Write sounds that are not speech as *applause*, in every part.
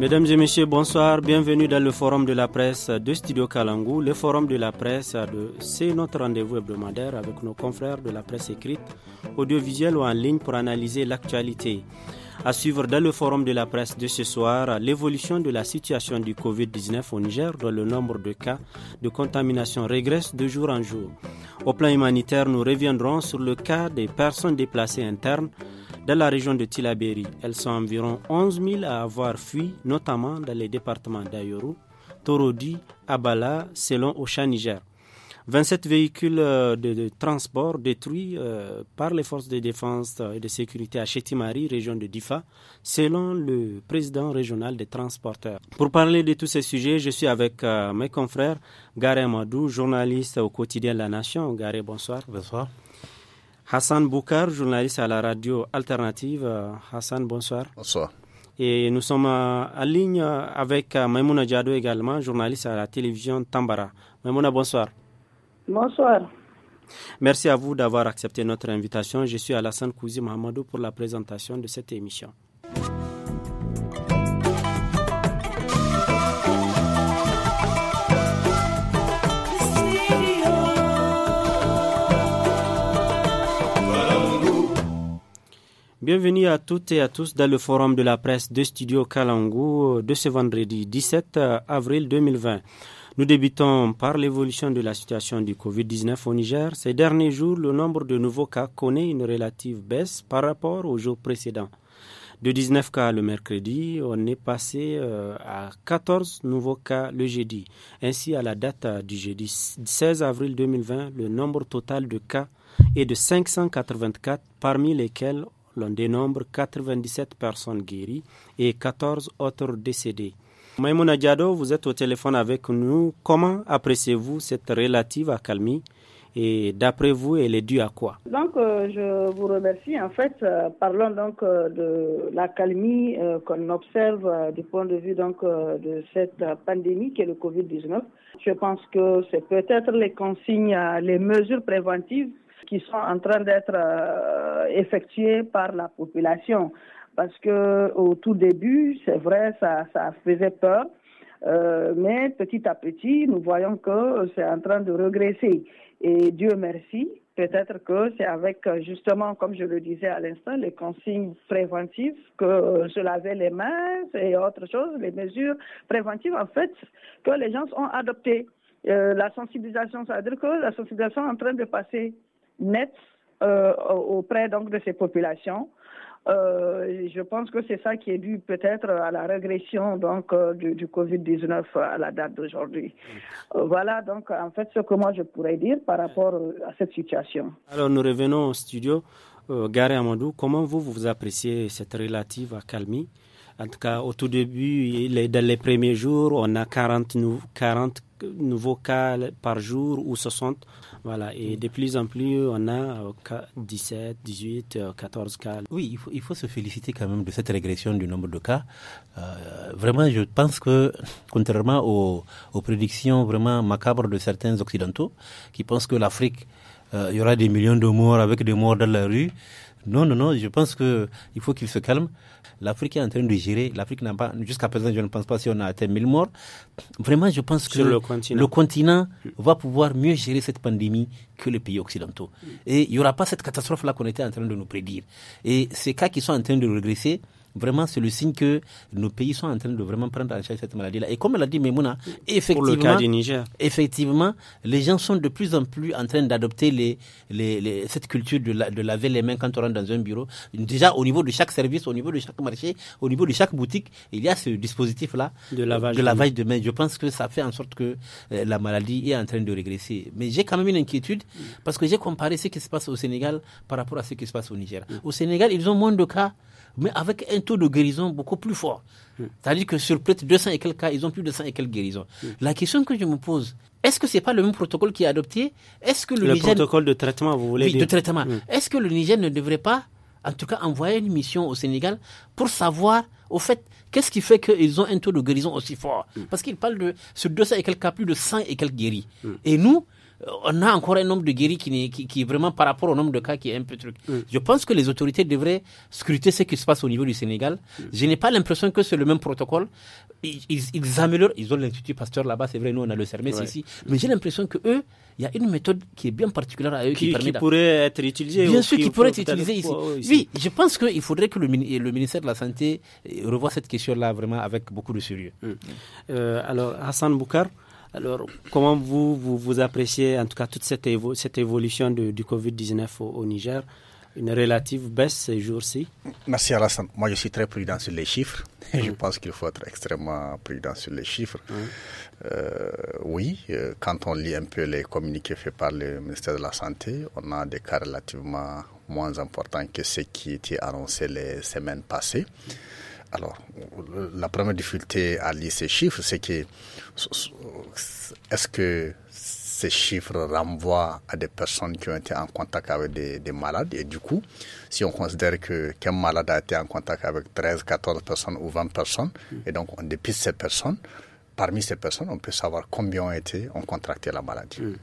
Mesdames et messieurs, bonsoir. Bienvenue dans le forum de la presse de Studio Kalangou. Le forum de la presse, de... c'est notre rendez-vous hebdomadaire avec nos confrères de la presse écrite, audiovisuelle ou en ligne pour analyser l'actualité. À suivre dans le forum de la presse de ce soir, l'évolution de la situation du Covid-19 au Niger, dont le nombre de cas de contamination régresse de jour en jour. Au plan humanitaire, nous reviendrons sur le cas des personnes déplacées internes dans la région de Tilaberi, elles sont environ 11 000 à avoir fui, notamment dans les départements d'Ayoro, Torodi, Abala, Selon, Ocha, Niger. 27 véhicules euh, de, transport détruits euh, par les forces de défense euh, et de sécurité à Chetimari, région de Difa, selon le président régional des transporteurs. Pour parler de tous ces sujets, je suis avec mes confrères Garé Madou, journaliste au quotidien La Nation. Garé, bonsoir. Bonsoir. Hassan Boukar, journaliste à la radio alternative. Hassan, bonsoir. Bonsoir. Et nous sommes euh, en ligne avec euh, Maimouna Diado également, journaliste à la télévision Tambara. Maimouna, bonsoir. Bonsoir. Merci à vous d'avoir accepté notre invitation. Je suis Alassane Kouzi Mahamadou pour la présentation de cette émission. Bienvenue à toutes et à tous dans le forum de la presse de Studio Kalangu de ce vendredi 17 euh, avril 2020. Nous débutons par l'évolution de la situation du Covid-19 au Niger. Ces derniers jours, le nombre de nouveaux cas connaît une relative baisse par rapport aux jours précédents. De 19 cas le mercredi, on est passé euh, à 14 nouveaux cas le jeudi. Ainsi, à la date euh, du jeudi 16 avril 2020, le nombre total de cas est de 584, parmi lesquels l'on dénombre 97 personnes guéries et 14 autres décédées. Maimouna Diado, vous êtes au téléphone avec nous. Comment appréciez-vous cette relative accalmie et d'après vous, elle est due à quoi Donc, euh, je vous remercie. En fait, euh, parlons donc de euh, de l'accalmie qu'on observe du point de vue donc de cette pandémie qui est le Covid-19. Je pense que c'est peut-être les consignes, les mesures préventives qui sont en train d'être euh, effectués effectuées par la population. Parce que au tout début, c'est vrai, ça, ça faisait peur. Euh, mais petit à petit, nous voyons que c'est en train de regresser. Et Dieu merci, peut-être que c'est avec justement, comme je le disais à l'instant, les consignes préventives, que se laver les mains et autre chose, les mesures préventives en fait que les gens ont adoptées. Euh, la sensibilisation, ça veut dire que la sensibilisation est en train de passer net euh, auprès donc de ces populations. Euh, je pense que c'est ça qui est dû peut-être à la régression donc euh, du, Covid-19 à la date d'aujourd'hui. voilà donc en fait ce que moi je pourrais dire par rapport à cette situation. Alors nous revenons au studio. Gary Amandou, comment vous vous appréciez cette relative accalmie en tout cas, au tout début, dans les premiers jours, on a 40, nouveaux cas par jour ou 60. Voilà, et de plus en plus, on a 17, 18, 14 cas. Oui, il faut, se féliciter quand même de cette régression du nombre de cas. Euh, vraiment, je pense que, contrairement aux, prédictions vraiment macabres de certains Occidentaux, qui pensent que l'Afrique, euh, il y aura des millions de morts avec des morts dans la rue, non, non, non, je pense qu'il faut qu'il se calme. L'Afrique est en train de gérer. L'Afrique n'a pas, jusqu'à présent, je ne pense pas si on a atteint 1000 morts. Vraiment, je pense que le continent. le continent. va pouvoir mieux gérer cette pandémie que les pays occidentaux. Et il n'y aura pas cette catastrophe-là qu'on était en train de nous prédire. Et ces cas qui sont en train de regresser, vraiment, c'est le signe que nos pays sont en train de vraiment prendre en charge cette maladie-là. Et comme l'a dit Memouna, effectivement, effectivement, les gens sont de plus en plus en train d'adopter les, cette culture de, laver les mains quand on rentre dans un bureau. Déjà, au niveau de chaque service, au niveau de chaque marché, au niveau de chaque boutique, il y a ce dispositif-là de lavage de, mains. Je pense que ça fait en sorte que euh, la maladie est en train de régresser. Mais j'ai quand même une inquiétude parce que j'ai comparé ce qui se passe au Sénégal par rapport à ce qui se passe au Niger. Mm. Au Sénégal, ils ont moins de cas mais avec un taux de guérison beaucoup plus fort. Hmm. C'est-à-dire que sur près de 200 et quelques cas, ils ont plus de 100 et quelques guérisons. Hmm. La question que je me pose, est-ce que ce n'est pas le même protocole qui est adopté Est-ce que le, protocole de traitement, vous voulez oui, de traitement. Hmm. Est-ce que le Niger ne devrait pas, en tout cas, envoyer une mission au Sénégal pour savoir, au fait, qu'est-ce qui fait qu'ils ont un taux de guérison aussi fort Parce qu'ils parlent de sur 200 et quelques cas, plus de 100 et quelques guéris. Et nous, euh, on a encore un nombre de guéris qui, est vraiment par rapport au nombre de cas qui est un peu truc. Mm. Je pense que les autorités devraient scruter ce qui se passe au niveau du Sénégal. Mm. Je n'ai pas l'impression que c'est le même protocole. Ils, ils améliorent, ils ont l'Institut Pasteur là-bas, c'est vrai, nous on a le CERMES ici. Mais j'ai l'impression que eux, il y a une méthode qui est bien particulière à eux qui, pourrait être utilisée. Bien sûr, qui, pourrait être utilisée ici. Oui, je pense qu'il faudrait que le, ministère de la Santé revoie cette question-là vraiment avec beaucoup de sérieux. Mm. Euh, alors, Hassan Boukar, alors, comment vous, vous, appréciez en tout cas toute cette, cette évolution du Covid-19 au, Niger Une relative baisse ces jours-ci Merci Alassane. Moi, je suis très prudent sur les chiffres. *laughs* Je pense qu'il faut être extrêmement prudent sur les chiffres. Euh, oui, euh, quand on lit un peu les communiqués faits par le ministère de la Santé, on a des cas relativement moins importants que ceux qui étaient annoncés les semaines passées. Alors, la première difficulté à lire ces chiffres, c'est que est-ce que ces chiffres renvoient à des personnes qui ont été en contact avec des, malades Et du coup, si on considère que qu'un malade a été en contact avec 13, 14 personnes ou 20 personnes, mm. et donc on dépiste ces personnes, parmi ces personnes, on peut savoir combien ont été ont contracté la maladie. Mm.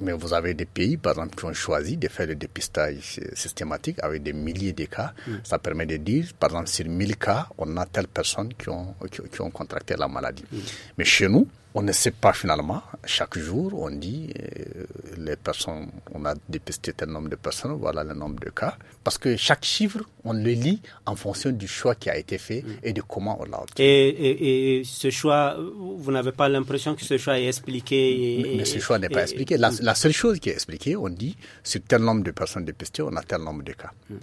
Mais vous avez des pays, par exemple, qui ont choisi de faire le dépistage systématique avec des milliers de cas. Mm. Ça permet de dire, par exemple, sur 1000 cas, on a telle personne qui ont, qui, ont contracté la maladie. Mm. Mais chez nous, on ne sait pas finalement. Chaque jour, on dit euh, les personnes, on a dépisté tel nombre de personnes, voilà le nombre de cas. Parce que chaque chiffre, on le lit en fonction du choix qui a été fait mm. et de comment on l'a obtenu. Et, ce choix, vous n'avez pas l'impression que ce choix est expliqué mais, ce choix n'est pas expliqué. Mm. La, seule chose qui est expliquée, on dit, sur tel nombre de personnes dépistées, on a tel nombre de cas. Mm.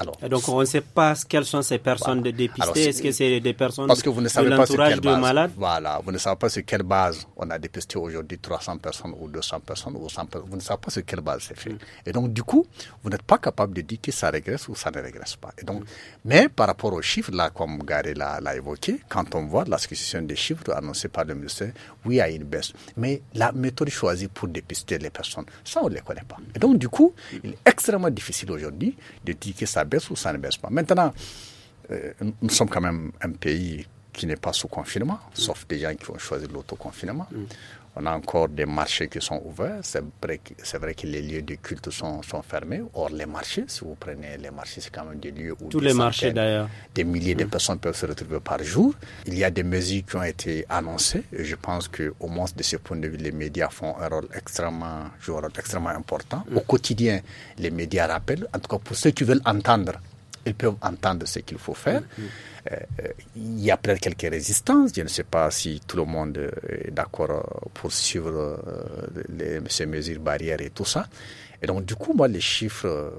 Alors, donc on ne sait pas quelles sont ces personnes dépistées. Est-ce que c'est des personnes parce que vous ne savez de l'entourage de malades Voilà, vous ne savez pas sur quelle base on a dépisté aujourd'hui 300 personnes ou 200 personnes ou 100 personnes. Vous ne savez pas sur quelle base c'est fait. Hmm. Et donc du coup, vous n'êtes pas capable de dire que ça régresse ou ça ne régresse pas. Et donc, hmm. Mais par rapport aux chiffres, là, comme Gary l'a évoqué, quand on voit succession des chiffres annoncés par le ministère, oui, il y a une baisse. Mais la méthode choisie pour dépister les personnes, ça, on ne les connaît pas. Et donc du coup, il est extrêmement difficile aujourd'hui de dire que ça baisse ou Maintenant, euh, nous sommes quand même un pays qui n'est pas sous confinement, sauf des gens qui ont choisi l'autoconfinement. Mm. On a encore des marchés qui sont ouverts. C'est vrai, vrai, que les lieux de culte sont, fermés. Or, les marchés, si vous prenez les marchés, c'est quand même des lieux où des, des milliers de mmh. personnes peuvent se retrouver par jour. Il y a des mesures qui ont été annoncées. Et je pense qu'au moins de ce point de vue, les médias font un rôle extrêmement, jouent un rôle extrêmement important. Mmh. Au quotidien, les médias rappellent, en tout cas pour ceux qui veulent entendre, ils peuvent entendre ce qu'il faut faire. Mmh, euh, euh, il y a peut-être quelques résistances. Je ne sais pas si tout le monde euh, est d'accord pour suivre ces mesures barrières et tout ça. Et donc, du coup, moi, les chiffres.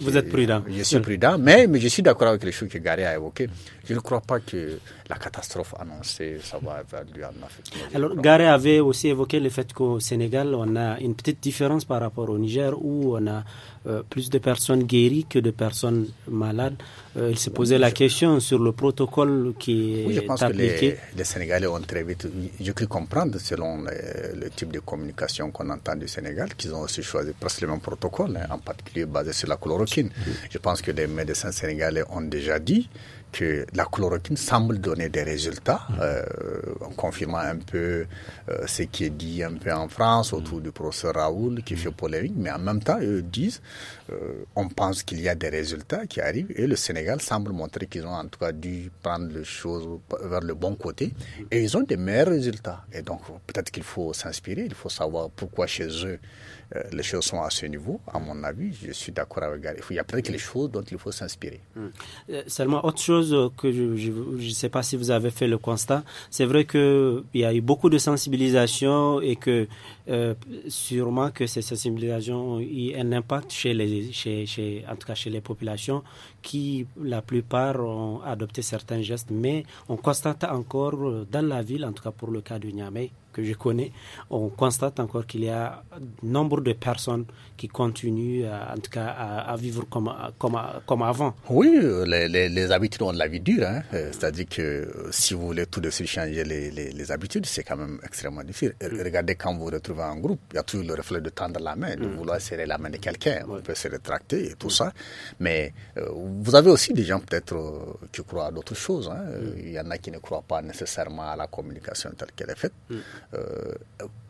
Vous êtes prudent. Je suis prudent, mais, mais je suis d'accord avec les choses que Gary a évoquées. Je ne crois pas que la catastrophe annoncée, ça va avoir lieu en Afrique. Alors, Gary avait aussi évoqué le fait qu'au Sénégal, on a une petite différence par rapport au Niger où on a plus de personnes guéries que de personnes malades. il se posait la question sur le protocole qui oui, je pense Que les, Sénégalais ont très vite, je peux comprendre, selon le type de communication qu'on entend du Sénégal, qu'ils ont aussi choisi presque le même protocole, hein, en particulier basé sur la chloroquine. Je pense que les médecins sénégalais ont déjà dit que la chloroquine semble donner des résultats, mm. euh, en confirmant un peu euh, ce qui est dit un peu en France autour mm. du professeur Raoul qui fait mm. polémique, mais en même temps, ils disent, euh, on pense qu'il y a des résultats qui arrivent et le Sénégal semble montrer qu'ils ont en tout cas dû prendre les choses vers le bon côté et ils ont des meilleurs résultats. Et donc, peut-être qu'il faut s'inspirer, il faut savoir pourquoi chez eux euh, les choses sont à ce niveau. À mon avis, je suis d'accord avec Gary. Il y a peut-être quelque chose dont il faut s'inspirer. Hmm. Euh, seulement, autre chose que je ne sais pas si vous avez fait le constat, c'est vrai qu'il y a eu beaucoup de sensibilisation et que euh, sûrement que ces sensibilisations ont eu un impact chez les, chez, chez, en tout cas chez les populations qui, la plupart, ont adopté certains gestes, mais on constate encore euh, dans la ville, en tout cas pour le cas du Niamey, que je connais, on constate encore qu'il y a nombre de personnes qui continuent, euh, en tout cas, à, vivre comme, comme, comme, avant. Oui, les, habitudes ont de la vie dure. Hein. C'est-à-dire que si vous voulez tout de suite changer les, les habitudes, c'est quand même extrêmement difficile. Regardez quand vous retrouvez en groupe, il y a toujours le reflet de tendre la main, de mm. vouloir serrer la main de quelqu'un. On peut se rétracter et tout ça. Mais euh, vous avez aussi des gens peut-être euh, qui croient à d'autres choses. Hein. Mm. Il y en a qui ne croient pas nécessairement à la communication telle qu'elle est faite. Mm. Euh,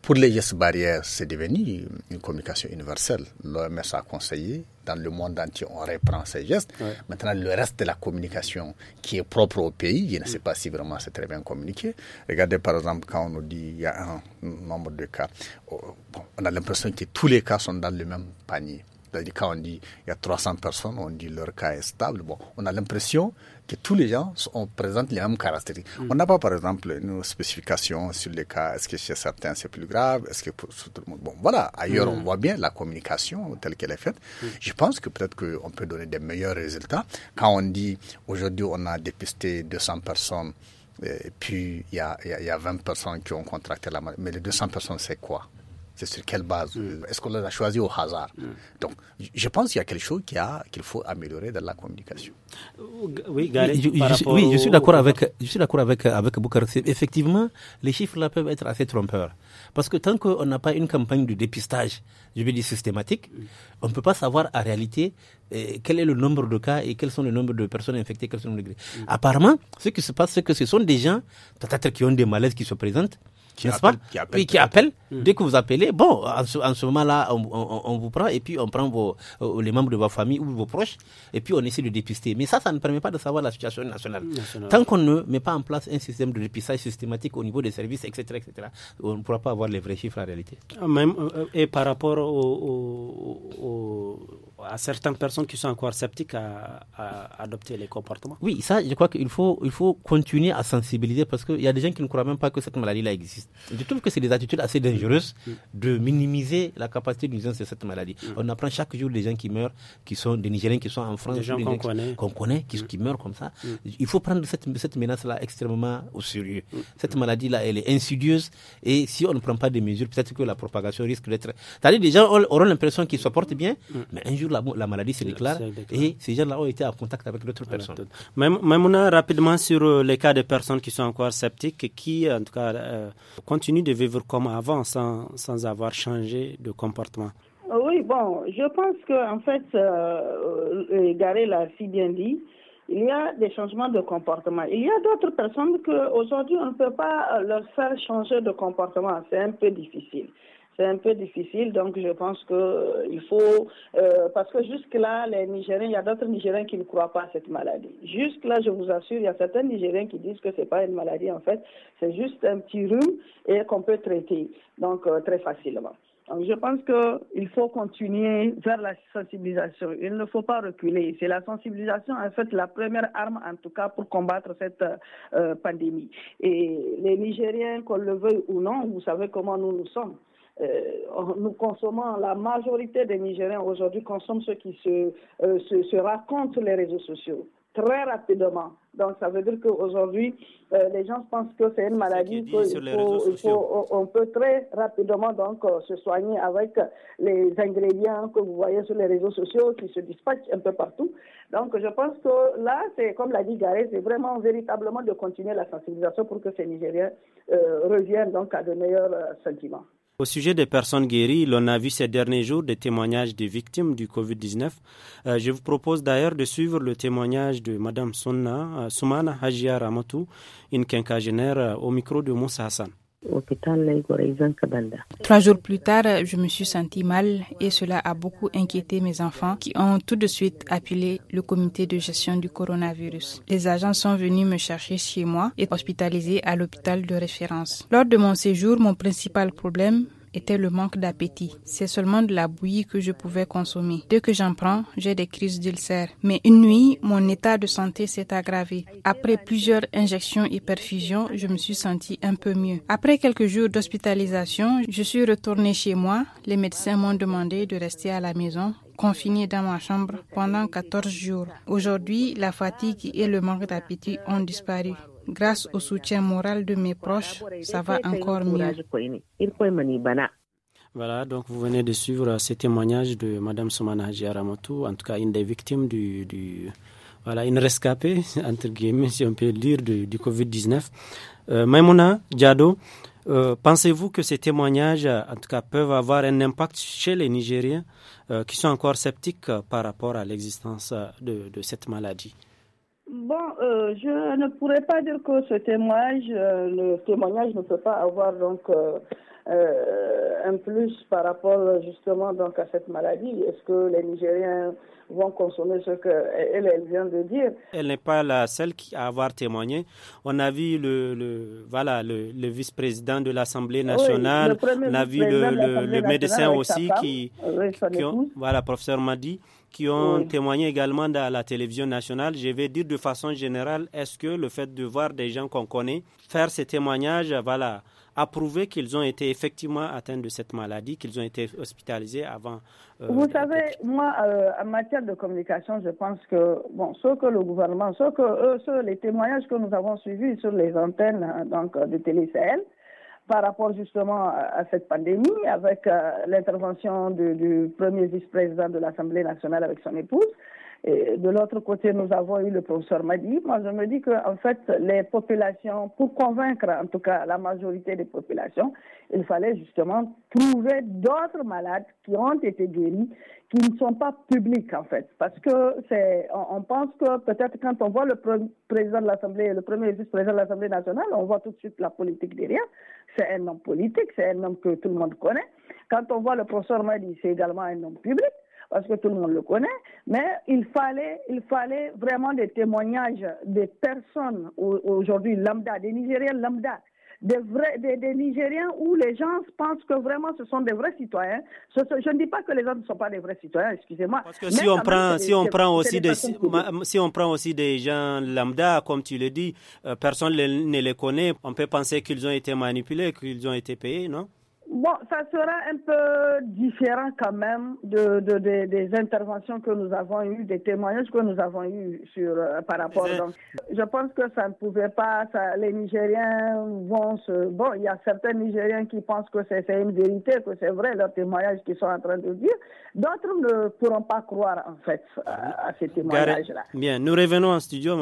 pour les gestes barrières, c'est devenu une communication universelle. L'OMS a conseillé, dans le monde entier, on reprend ces gestes. Maintenant, le reste de la communication qui est propre au pays, je ne sais pas si vraiment c'est très bien communiqué. Regardez par exemple quand on nous dit qu'il y a un nombre de cas, oh, on a l'impression que tous les cas sont dans le même panier. quand on dit il y a 300 personnes, on dit que leur cas est stable. on a l'impression que tous les gens ont, présentent les mêmes caractéristiques. Mm. On n'a pas, par exemple, une spécification sur les cas. Est-ce que chez certains c'est plus grave Est-ce que pour tout le monde Bon, voilà. Ailleurs, mm. on voit bien la communication telle qu'elle est faite. Mm. Je pense que peut-être qu'on peut donner des meilleurs résultats quand on dit aujourd'hui on a dépisté 200 personnes. Et puis, il y a, y a 20 personnes qui ont contracté la maladie. Mais les 200 personnes, c'est quoi c'est sur quelle base mm. Est-ce qu'on l'a choisi au hasard mm. Donc, je pense qu'il y a quelque chose qu'il faut améliorer dans la communication. Euh, oui, je, suis d'accord avec, je suis d'accord avec avec Effectivement, les chiffres là peuvent être assez trompeurs parce que tant qu'on n'a pas une campagne de dépistage, je veux dire systématique, mm. on ne peut pas savoir en réalité euh, quel est le nombre de cas et quels sont le nombre de personnes infectées, sont Apparemment, ce qui se passe, c'est que ce sont des gens qui ont des malaises qui se présentent qui appelle, pas qui qui appelle. Hmm. Dès que vous appelez, bon, en ce, moment-là, on, vous prend et puis on prend euh, les membres de votre famille ou vos proches et puis on essaie de dépister. Mais ça, ça ne permet pas de savoir la situation nationale. Tant qu'on ne met pas en place un système de dépistage systématique au niveau des services, etc., etc., on ne pourra pas avoir les vrais chiffres en réalité. Ah, euh, euh, et par rapport au à certaines personnes qui sont encore sceptiques à, adopter les comportements. Oui, ça, je crois qu'il faut, il faut continuer à sensibiliser parce qu'il y a des gens qui ne croient même pas que cette maladie-là existe. Je trouve que c'est des attitudes assez dangereuses mm. Mm. de minimiser la capacité nuisance de cette maladie. Mm. On apprend chaque jour des gens qui meurent, qui sont des Nigériens qui sont en France, des gens qu'on connaît, qui, meurent comme ça. Il faut prendre cette, menace-là extrêmement au sérieux. Cette maladie-là, elle est insidieuse et si on ne prend pas des mesures, peut-être que la propagation risque d'être. C'est-à-dire, les gens auront l'impression qu'ils se portent bien, mais un jour, la, maladie s'est déclare, et ces gens-là ont été en contact avec d'autres personnes. Même, rapidement sur euh, les cas de personnes qui sont encore sceptiques, qui en tout cas euh, continuent de vivre comme avant sans, sans avoir changé de comportement. Euh, oui, bon, je pense que en fait, euh, Garé l'a si bien dit, il y a des changements de comportement. Il y a d'autres personnes qu'aujourd'hui, on ne peut pas leur faire changer de comportement. C'est un peu difficile c'est un peu difficile. Donc, je pense qu'il euh, faut, euh, parce que jusque-là, les Nigériens, il y a d'autres Nigériens qui ne croient pas à cette maladie. Jusque-là, je vous assure, il y a certains Nigériens qui disent que ce n'est pas une maladie en fait, c'est juste un petit rhume et qu'on peut traiter donc euh, très facilement. Donc, je pense qu'il faut continuer vers la sensibilisation. Il ne faut pas reculer. C'est la sensibilisation, en fait, la première arme, en tout cas, pour combattre cette pandémie. Et les Nigériens, qu'on le veuille ou non, vous savez comment nous nous sommes. Euh, nous consommons, la majorité des Nigériens aujourd'hui consomment ce qui euh, se, raconte sur les réseaux sociaux très rapidement. Donc, ça veut dire qu'aujourd'hui, euh, les gens pensent que c'est une maladie qu'on peut très rapidement donc se soigner avec les ingrédients que vous voyez sur les réseaux sociaux qui se dispatchent un peu partout. Donc, je pense que là, c'est comme l'a dit Gareth, c'est vraiment véritablement de continuer la sensibilisation pour que ces Nigériens reviennent donc à de meilleurs sentiments. Au sujet des personnes guéries, l'on a vu ces derniers jours des témoignages des victimes du Covid-19. Euh, je vous propose d'ailleurs de suivre le témoignage de Mme euh, Soumana Hajia Ramatou, une quinquagénaire euh, au micro de Moussa Hassan. Trois jours plus tard, je me suis sentie mal et cela a beaucoup inquiété mes enfants qui ont tout de suite appelé le comité de gestion du coronavirus. Les agents sont venus me chercher chez moi et hospitalisés à l'hôpital de référence. Lors de mon séjour, mon principal problème, était le manque d'appétit. C'est seulement de la bouillie que je pouvais consommer. Dès que j'en prends, j'ai des crises d'ulcère. Mais une nuit, mon état de santé s'est aggravé. Après plusieurs injections et perfusions, je me suis senti un peu mieux. Après quelques jours d'hospitalisation, je suis retourné chez moi. Les médecins m'ont demandé de rester à la maison confiné dans ma chambre pendant 14 jours. Aujourd'hui, la fatigue et le manque d'appétit ont disparu. Grâce au soutien moral de mes proches, ça va encore mieux. Voilà, donc vous venez de suivre ces témoignage de Madame Soumana Haji en tout cas une des victimes du, voilà, une rescapée, *laughs* entre guillemets, si on peut le dire, du, Covid-19. Euh, Maimouna Diado, euh, pensez-vous que ces témoignages, en tout cas, peuvent avoir un impact chez les Nigériens euh, qui sont encore sceptiques par rapport à l'existence de cette maladie euh, je ne pourrais pas dire que ce témoignage, euh, le témoignage ne peut pas avoir donc euh, un plus par rapport justement donc à cette maladie. Est-ce que les Nigériens vont consommer ce qu'elle vient de dire Elle n'est pas la seule qui à avoir témoigné. On a vu le, voilà le, vice-président de l'Assemblée nationale. on a vu le, médecin aussi qui, voilà professeur Madi qui ont témoigné également dans la télévision nationale. Je vais dire de façon générale, est-ce que le fait de voir des gens qu'on connaît faire ces témoignages, voilà, à qu'ils ont été effectivement atteints de cette maladie, qu'ils ont été hospitalisés avant. Euh, Vous savez, moi, euh, en matière de communication, je pense que bon, ce que le gouvernement, ce que eux, les témoignages que nous avons suivis sur les antennes hein, donc euh, de télé par rapport justement à cette pandémie, avec euh, l'intervention du, premier vice-président de l'Assemblée nationale avec son épouse, et de l'autre côté, nous avons eu le professeur Madi. Moi, je me dis que, en fait, les populations, pour convaincre en tout cas la majorité des populations, il fallait justement trouver d'autres malades qui ont été guéris, qui ne sont pas publics en fait. Parce que c'est, on, pense que peut-être quand on voit le président de l'Assemblée, le premier vice-président de l'Assemblée nationale, on voit tout de suite la politique derrière. C'est un homme politique, c'est un homme que tout le monde connaît. Quand on voit le professeur Madi, c'est également un homme public parce que tout le monde le connaît, mais il fallait, il fallait vraiment des témoignages des personnes aujourd'hui lambda, des Nigériens lambda, des, vrais, des, Nigériens où les gens pensent que vraiment ce sont des vrais citoyens. je ne dis pas que les gens ne sont pas des vrais citoyens, excusez-moi. Parce que si on, prend, si, on prend aussi des, si on prend aussi des gens lambda, comme tu le dis, euh, personne ne les connaît, on peut penser qu'ils ont été manipulés, qu'ils ont été payés, non Bon, ça sera un peu différent quand même de, des interventions que nous avons eues, des témoignages que nous avons eus sur, euh, par rapport. Donc, je pense que ça ne pouvait pas. les Nigériens vont se. Bon, il y a certains Nigériens qui pensent que c'est une vérité, que c'est vrai leurs témoignages qu'ils sont en train de dire. D'autres ne pourront pas croire en fait à, ces témoignages-là. Bien, nous revenons en studio,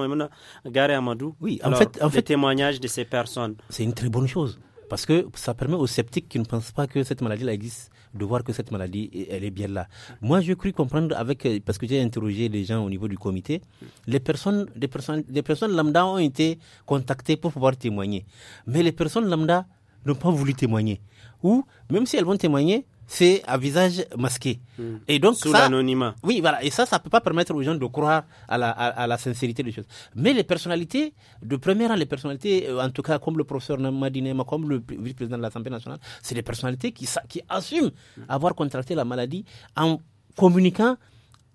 Gare Amadou. Oui, en fait, en fait, témoignages de ces personnes. C'est une très bonne chose. Parce que ça permet aux sceptiques qui ne pensent pas que cette maladie-là existe de voir que cette maladie, eh, elle est bien là. Moi, j'ai cru comprendre avec, euh, parce que j'ai interrogé les gens au niveau du comité, les personnes, personnes, les personnes lambda ont été contactées pour pouvoir témoigner. Mais les personnes lambda n'ont pas voulu témoigner. Ou, même si elles vont témoigner, c'est un visage masqué. Hmm. Et donc, Sous l'anonymat. Oui, voilà. Et ça, ça ne peut pas permettre aux gens de croire à la, à, la sincérité des choses. Mais les personnalités, de premier rang, les personnalités, euh, en tout cas, comme le professeur Namadinema, comme le vice-président de l'Assemblée nationale, c'est les personnalités qui, qui assument hmm. avoir contracté la maladie en communiquant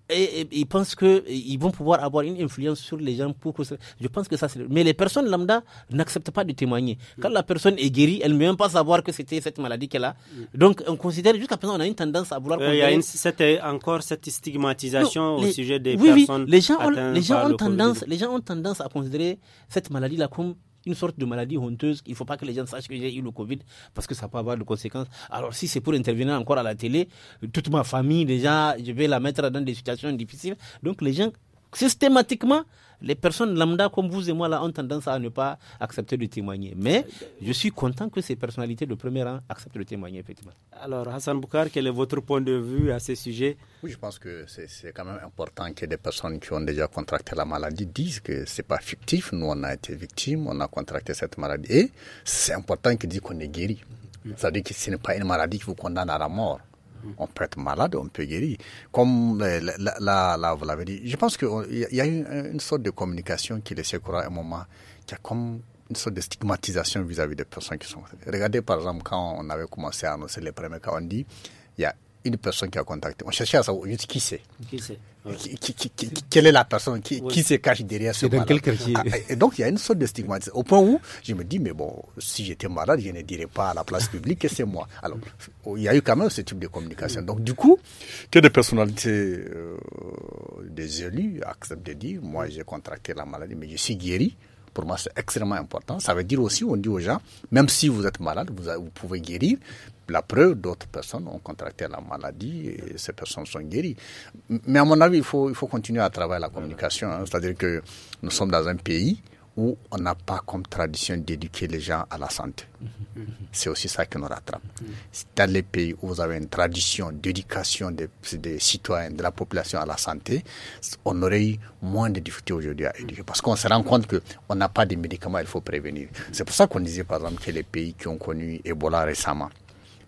et, ils pensent qu'ils vont pouvoir avoir une influence sur les gens pour que Je pense que ça, c'est... Mais les personnes lambda n'acceptent pas de témoigner. Mm. Quand la personne est guérie, elle ne veut même pas savoir que c'était cette maladie qu'elle a. Mm. Donc, on considère, jusqu'à présent, on a une tendance à vouloir... Euh, il y a euh, encore cette stigmatisation au sujet des personnes oui, les gens les gens ont tendance, Les gens ont tendance à considérer cette maladie-là comme une sorte de maladie honteuse. Il ne faut pas que les gens sachent que j'ai eu le Covid parce que ça peut avoir des conséquences. Alors, si c'est pour intervenir encore à la télé, toute ma famille, déjà, je vais la mettre dans des situations difficiles. Donc, les gens, systématiquement, les personnes lambda comme vous et moi là ont tendance à ne pas accepter de témoigner. Mais je suis content que ces personnalités de premier rang acceptent de témoigner, effectivement. Alors, Hassan Boukar, quel est votre point de vue à ce sujet Oui, je pense que c'est quand même important que des personnes qui ont déjà contracté la maladie disent que n'est pas fictif. Nous, on a été victimes, on a contracté cette maladie. Et c'est important qu'ils disent qu'on est guéri. C'est-à-dire que ce n'est pas une maladie qui vous condamne à la mort. On peut être malade, on peut guérir. Comme là, vous l'avez dit, je pense qu'il y a une, sorte de communication qui laisse courir à un moment, qui a comme une sorte de stigmatisation vis-à-vis des personnes qui sont. Regardez par exemple quand on avait commencé à annoncer les premiers cas, on dit il y a une personne qui a contacté. On cherchait à savoir qui c'est. Quelle est la personne qui, se cache derrière ce malade ah, ah, Et donc il y a une sorte de stigmatisation. Au point où je me dis, mais bon, si j'étais malade, je ne dirais pas à la place publique que c'est moi. Alors, il y a eu quand même ce type de communication. Donc du coup, que des personnalités, euh, des élus acceptent de dire, moi j'ai contracté la maladie, mais je suis guéri. Pour moi, c'est extrêmement important. Ça veut dire aussi, on dit aux gens, même si vous êtes malade, vous, vous pouvez guérir. La preuve, d'autres personnes ont contracté la maladie et ces personnes sont guéries. Mais à mon avis, il faut, il faut continuer à travailler la communication. Hein. C'est-à-dire que nous sommes dans un pays où on n'a pas comme tradition d'éduquer les gens à la santé. C'est aussi ça qui nous rattrape. Dans les pays où vous avez une tradition d'éducation des, citoyens, de la population à la santé, on aurait eu moins de difficultés aujourd'hui à éduquer. Parce qu'on se rend compte qu'on n'a pas de médicaments, il faut prévenir. C'est pour ça qu'on disait par exemple que les pays qui ont connu Ebola récemment,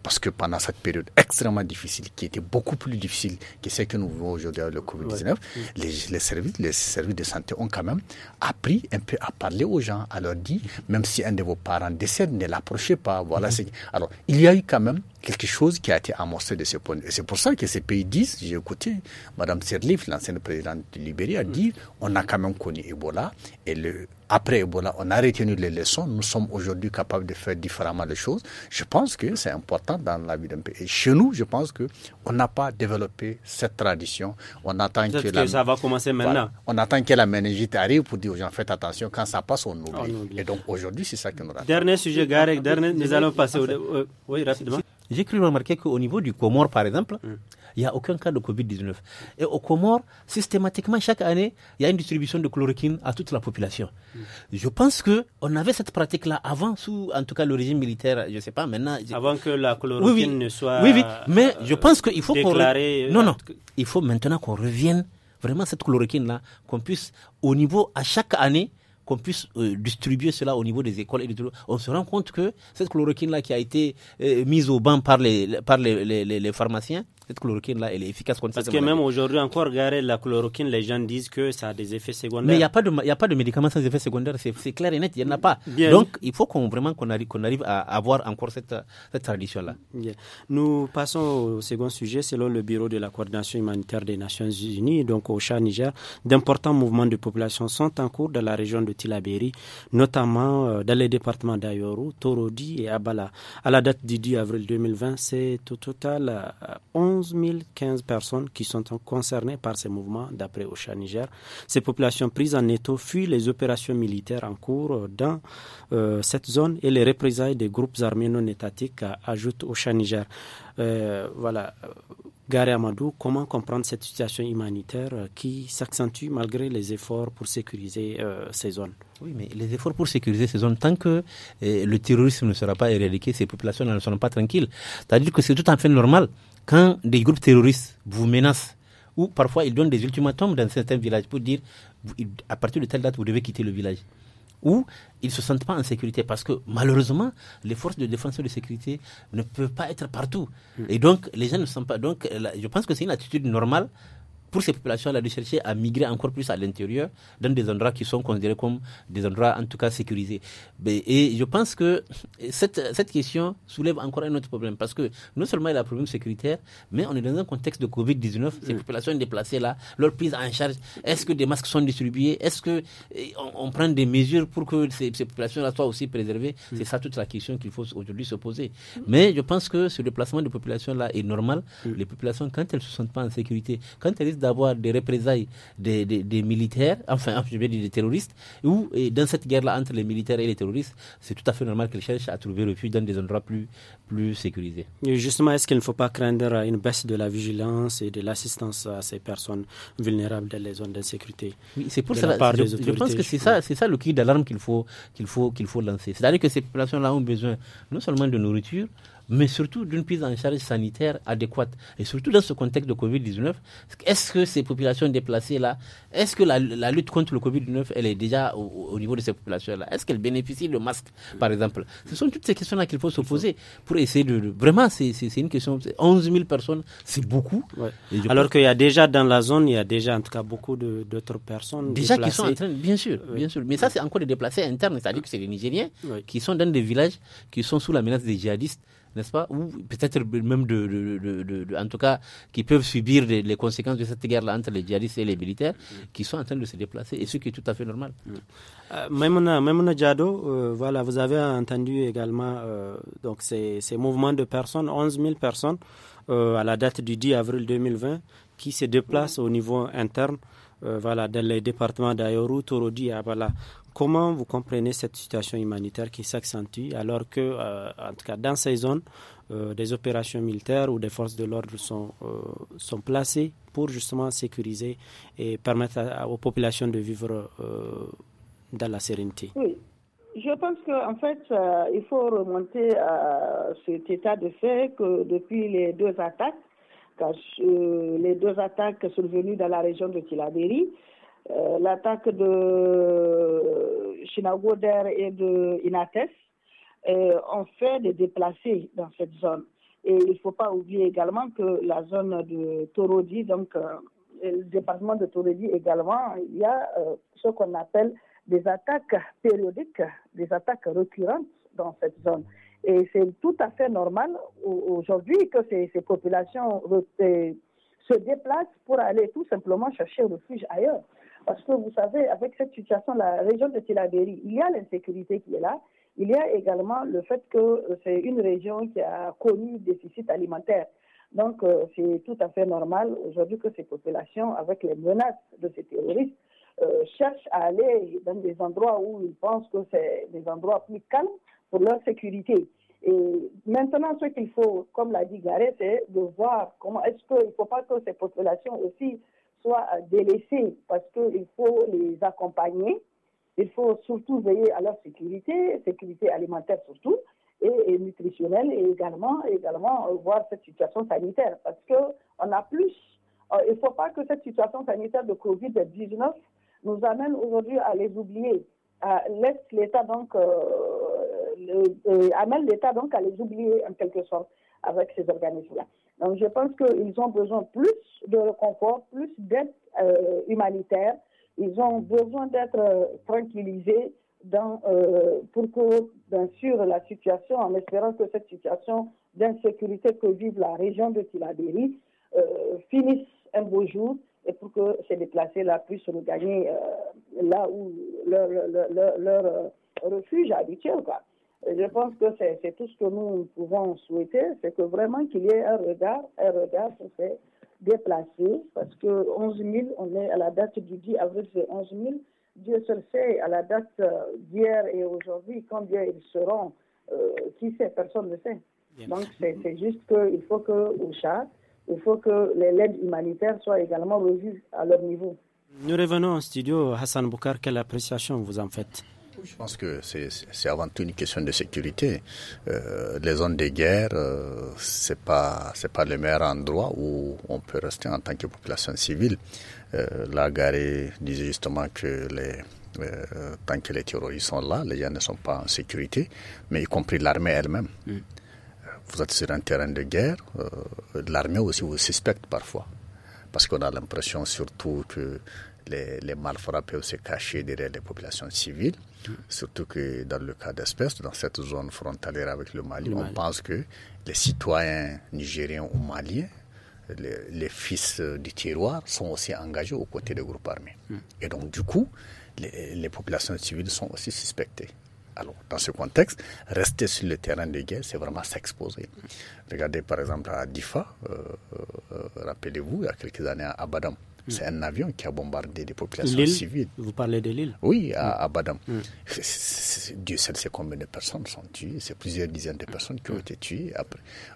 parce que pendant cette période extrêmement difficile, qui était beaucoup plus difficile que celle que nous vivons aujourd'hui avec le Covid-19, les, services, les services de santé ont quand même appris un peu à parler aux gens, à leur dire, même si un de vos parents décède, ne l'approchez pas. Voilà. Mm-hmm. Alors, il y a eu quand même quelque chose qui a été amorcé de ce point de vue. Et c'est pour ça que ces pays disent, j'ai écouté Mme Sirleaf, l'ancienne présidente du Libéria, a dit, on a quand même connu Ebola, et le, après Ebola, on a retenu les leçons, nous sommes aujourd'hui capables de faire différemment les choses. Je pense que c'est important dans la vie d'un pays. Et chez nous, je pense que on n'a pas développé cette tradition. On attend que, que, la, ça va commencer maintenant. on attend que la méningite arrive pour dire aux gens, faites attention, quand ça passe, on oublie. Et donc aujourd'hui, c'est ça qui nous Dernier sujet, Garek, dernier, nous allons passer au... Euh, oui, rapidement. J'ai cru remarquer qu'au niveau du Comore, par exemple, mm. il n'y a aucun cas de Covid-19. Et au Comore, systématiquement, chaque année, il y a une distribution de chloroquine à toute la population. Mm. Je pense que on avait cette pratique-là avant, sous, en tout cas, l'origine militaire, je ne sais pas, maintenant. Avant que la chloroquine ne soit. Oui, oui, mais euh, je pense qu'il faut qu'on. Non, non. Euh, il faut maintenant qu'on revienne vraiment cette chloroquine-là, qu'on puisse, au niveau, à chaque année, qu'on puisse euh, distribuer cela au niveau des écoles et On se rend compte que cette chloroquine-là qui a été euh, mise au banc par les, par les pharmaciens, cette chloroquine là elle est efficace Parce que même aujourd'hui encore regardez la chloroquine les gens disent que ça a des effets secondaires. Mais il n'y a pas de médicaments a pas de médicament sans effets secondaires. c'est clair et net il n'y en a pas. Donc il faut vraiment qu'on arrive, qu'on arrive à avoir encore cette, cette tradition là. Nous passons au second sujet selon le bureau de la coordination humanitaire des Nations Unies donc au Chat Niger d'importants mouvements de population sont en cours dans la région de Tilaberi notamment euh, dans les départements d'Ayoru, Torodi et Abala. À la date du 10 avril 2020 c'est au total 11 euh, 11 015 personnes qui sont concernées par ces mouvements, d'après OCHA Niger. Ces populations prises en étau fuient les opérations militaires en cours dans euh, cette zone et les représailles des groupes armés non étatiques, ajoute OCHA Niger. Euh, voilà. Gare Amadou, comment comprendre cette situation humanitaire qui s'accentue malgré les efforts pour sécuriser euh, ces zones Oui, mais les efforts pour sécuriser ces zones, tant que eh, le terrorisme ne sera pas éradiqué, ces populations ne seront pas tranquilles. C'est-à-dire que c'est tout à fait normal quand des groupes terroristes vous menacent, ou parfois ils donnent des ultimatums dans certains villages pour dire à partir de telle date, vous devez quitter le village. Ou ils ne se sentent pas en sécurité parce que malheureusement, les forces de défense de sécurité ne peuvent pas être partout. Mm. Et donc, les gens ne sont pas. Donc, je pense que c'est une attitude normale pour ces populations-là de chercher à migrer encore plus à l'intérieur, dans des endroits qui sont considérés comme des endroits en tout cas sécurisés. Et je pense que cette, cette question soulève encore un autre problème, parce que non seulement il y a un problème sécuritaire, mais on est dans un contexte de Covid-19, ces populations déplacées-là, leur prise en charge, est-ce que des masques sont distribués, est-ce qu'on eh, on prend des mesures pour que ces, populations-là soient aussi préservées C'est ça toute la question qu'il faut aujourd'hui se poser. Mais je pense que ce déplacement de populations-là est normal. Les populations, quand elles ne se sentent pas en sécurité, quand elles d'avoir des représailles des, des, militaires, *laughs* enfin, je veux dire des terroristes, ou dans cette guerre-là entre les militaires et les terroristes, c'est tout à fait normal qu'ils cherchent à trouver refuge dans des endroits plus, plus sécurisés. justement, est-ce qu'il ne faut pas craindre une baisse de la vigilance et de l'assistance à ces personnes vulnérables dans les zones d'insécurité oui, C'est pour ça je, pense que c'est ça, c'est ça le cri d'alarme qu'il faut, qu'il faut, qu'il faut lancer. C'est-à-dire que ces populations-là ont besoin non seulement de nourriture, mais surtout d'une prise en charge sanitaire adéquate. Et surtout dans ce contexte de Covid-19, est-ce que ces populations déplacées-là, est-ce que la, lutte contre le Covid-19, elle est déjà au, niveau de ces populations-là Est-ce qu'elles bénéficient de masques, par exemple Ce sont toutes ces questions-là qu'il faut se poser pour essayer de... vraiment, c'est une question... 11 000 personnes, c'est beaucoup. Alors qu'il y a déjà dans la zone, il y a déjà en tout cas beaucoup d'autres personnes. Déjà qui sont en train... Bien sûr, bien sûr. Mais ça, c'est encore des déplacés internes, c'est-à-dire que c'est les Nigériens qui sont dans des villages qui sont sous la menace des djihadistes n'est-ce pas Ou peut-être même, de, en tout cas, qui peuvent subir les, conséquences de cette guerre-là entre les djihadistes et les militaires, mm. qui sont en train de se déplacer, et ce qui est tout à fait normal. Mm. Euh, Maimouna, euh, vous avez entendu également euh, donc ces, mouvements de personnes, 11 000 personnes, euh, à la date du 10 avril 2020, qui se déplacent au niveau interne. dans les départements d'Ayoru, Torodi et Abala comment vous comprenez cette situation humanitaire qui s'accentue alors que, euh, en tout cas, dans ces zones, euh, des opérations militaires ou des forces de l'ordre sont, euh, sont placées pour justement sécuriser et permettre aux populations de vivre dans la sérénité Oui, je pense qu'en fait, il faut remonter à cet état de fait que depuis les deux attaques, les deux attaques survenues dans la région de Tilaberi, euh, l'attaque de euh, Chinagoder et de Inates euh, ont fait des déplacés dans cette zone. Et il ne faut pas oublier également que la zone de Torodi, donc le département de Torodi également, il y a ce qu'on appelle des attaques périodiques, des attaques récurrentes dans cette zone. Et c'est tout à fait normal aujourd'hui que ces populations se déplacent pour aller tout simplement chercher refuge ailleurs. Parce que vous savez, avec cette situation, la région de Tilaberi, il y a l'insécurité qui est là. Il y a également le fait que euh, c'est une région qui a connu déficit alimentaire. Donc, euh, c'est tout à fait normal aujourd'hui que ces populations, avec les menaces de ces terroristes, euh, cherchent à aller dans des endroits où ils pensent que c'est des endroits plus calmes pour leur sécurité. Et maintenant, ce qu'il faut, comme l'a dit Gareth, c'est de voir comment est-ce qu'il ne faut pas que ces populations aussi soient délaissés parce qu'il faut les accompagner. Il faut surtout veiller à leur sécurité, sécurité alimentaire surtout, et, nutritionnelle, et également, également euh, voir cette situation sanitaire. Parce qu'on a plus. Euh, il ne faut pas que cette situation sanitaire de Covid-19 nous amène aujourd'hui à les oublier. À, laisse l'État donc, euh, amène l'État donc à les oublier en quelque sorte avec ces organismes-là. Donc je pense qu'ils ont besoin plus de confort, plus d'aide euh, humanitaire. Ils ont mm. besoin d'être euh, tranquillisés euh, pour que, bien sûr, la situation, en espérant que cette situation d'insécurité que vive la région de Tiladéry finisse un beau jour et pour que ces déplacés-là puissent regagner là où leur, leur, leur, refuge habituel je pense que c'est tout ce que nous pouvons souhaiter, c'est que vraiment qu'il y ait un regard, un regard sur ces déplacés, parce que 11 000, on est à la date du 10 avril, c'est 11 000. Dieu seul sait, à la date euh, d'hier et aujourd'hui, combien ils seront, qui euh, sait, personne ne sait. Donc c'est juste qu'il faut que au il faut que l'aide humanitaires soient également revue à leur niveau. Nous revenons en studio. Hassan Boukar, quelle appréciation vous en faites je pense que c'est avant tout une question de sécurité. Euh, les zones de guerre, euh, ce n'est pas le meilleur endroit où on peut rester en tant que population civile. Euh, la Gare disait justement que euh, tant que les terroristes sont là, les gens ne sont pas en sécurité, mais y compris l'armée elle-même. Mm. Vous êtes sur un terrain de guerre, l'armée aussi vous suspecte parfois, parce qu'on a l'impression surtout que les, les peuvent se cacher derrière les populations civiles. Surtout que dans le cas d'espèce, dans cette zone frontalière avec le Mali, on pense que les citoyens nigériens ou maliens, les, fils du tiroir, sont aussi engagés aux côtés des groupes armés. Hmm. Et donc, du coup, les, populations civiles sont aussi suspectées. Alors, dans ce contexte, rester sur le terrain de guerre, c'est vraiment s'exposer. Regardez par exemple à Difa, euh, euh, euh, rappelez-vous, il y a quelques années à Abadam c'est un avion qui a bombardé des populations civiles. Vous parlez de l'île Oui, à, Badam. Dieu sait combien de personnes sont tuées. C'est plusieurs dizaines de personnes qui ont été tuées.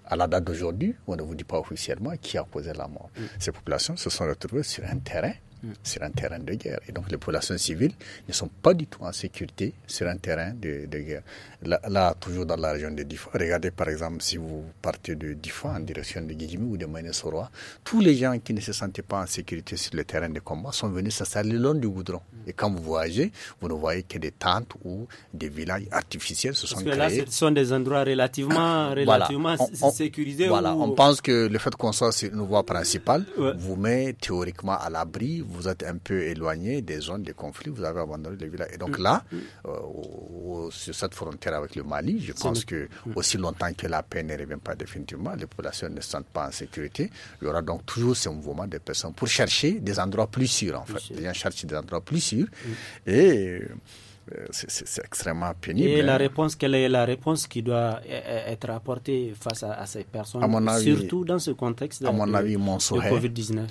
À la date d'aujourd'hui, on ne vous dit pas officiellement qui a causé la mort. Ces populations se sont retrouvées sur un terrain sur un terrain de guerre. Et donc les populations civiles ne sont pas du tout en sécurité sur un terrain de, guerre. Là, toujours dans la région de Difa, regardez par exemple si vous partez de Difa en direction de Guillemi ou de Maine-Soroa, tous les gens qui ne se sentaient pas en sécurité sur le terrain de combat sont venus s'installer le long du goudron. Mm. Et quand vous voyagez, vous ne voyez que des tentes ou des villages artificiels se sont Parce que là, ce sont des endroits relativement, relativement sécurisés. Voilà, on pense que le fait qu'on soit sur une voie principale vous met théoriquement à l'abri, vous êtes un peu éloigné des zones de conflit, vous avez abandonné les villages. Et donc mm. là, mm. Euh, sur cette frontière avec le Mali, je pense que mm. aussi longtemps que la paix ne revient pas définitivement, les populations ne se sentent pas en sécurité. Il y aura donc toujours ce mouvement des personnes pour chercher des endroits plus sûrs, en fait. Les gens cherchent des endroits plus sûrs. Et euh, c'est extrêmement pénible. Et la hein. réponse, quelle est la réponse qui doit e-, e-, être apportée face à, ces personnes, surtout dans ce contexte de, la Covid-19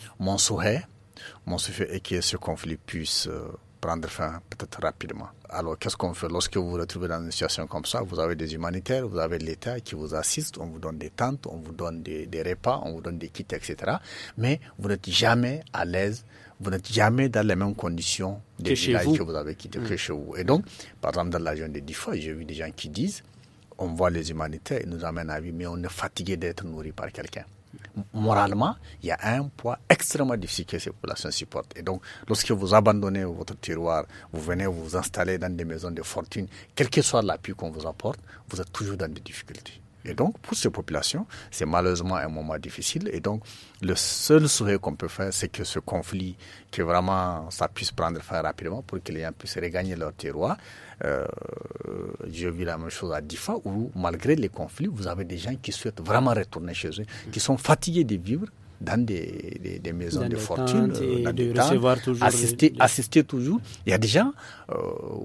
mon fait et que ce conflit puisse euh, prendre fin peut-être rapidement. Alors qu'est-ce qu'on fait lorsque vous vous retrouvez dans une situation comme ça Vous avez des humanitaires, vous avez l'État qui vous assiste, on vous donne des tentes, on vous donne des, repas, on vous donne des kits, etc. Mais vous n'êtes jamais à l'aise, vous n'êtes jamais dans les mêmes conditions des que chez vous. que vous avez quittés mm. chez vous. Et donc, par exemple, dans la région des fois, j'ai vu des gens qui disent, on voit les humanitaires, ils nous amènent à vie, mais on est fatigué d'être nourri par quelqu'un moralement, il y a un poids extrêmement difficile que ces populations supportent. Et donc, lorsque vous abandonnez votre tiroir, vous venez vous installer dans des maisons de fortune, quel que soit l'appui qu'on vous apporte, vous êtes toujours dans des difficultés. Et donc, pour ces populations, c'est malheureusement un moment difficile. Et donc, le seul souhait qu'on peut faire, c'est que ce conflit, que vraiment ça puisse prendre fin rapidement pour que les gens puissent regagner leur terroir. Euh, J'ai vu la même chose à Difa, où malgré les conflits, vous avez des gens qui souhaitent vraiment retourner chez eux, qui sont fatigués de vivre dans des, des, maisons de fortune, euh, de recevoir toujours assister, assister toujours. Il y a des gens, euh,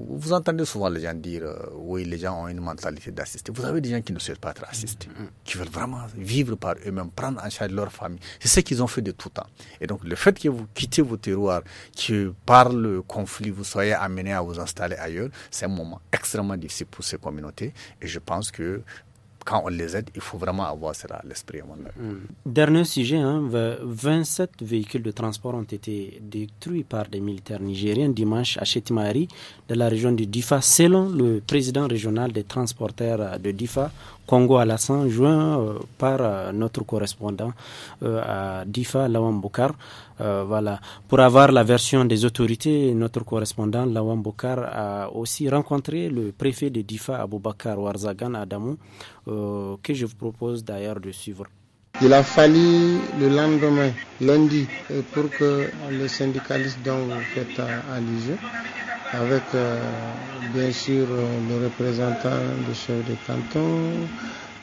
vous entendez souvent les gens dire, euh, oui, les gens ont une mentalité d'assister. Vous avez des gens qui ne souhaitent pas être assistés, mm, mm. qui veulent vraiment vivre par eux-mêmes, prendre en charge leur famille. C'est ce qu'ils ont fait de tout temps. Et donc, le fait que vous quittiez vos terroirs, que par le conflit, vous soyez amené à vous installer ailleurs, c'est un moment extrêmement difficile pour ces communautés. Et je pense que quand on les aide, il faut vraiment avoir cela à l'esprit. Hmm. Dernier sujet, 27 hein, véhicules de transport ont été détruits par des militaires nigériens dimanche à Chetimari, de la région de Difa, selon le président régional des transporteurs de Difa, Congo à joint euh, par euh, notre correspondant euh, à Difa, Lawan Bokar. voilà. Pour avoir la version des autorités, notre correspondant Lawan Bokar a aussi rencontré le préfet de Difa, Aboubakar Warzagan Adamou, que je vous propose d'ailleurs de suivre. Il a fallu le lendemain, lundi, pour que le syndicaliste dont vous faites allusion, avec bien sûr le représentant du chef de canton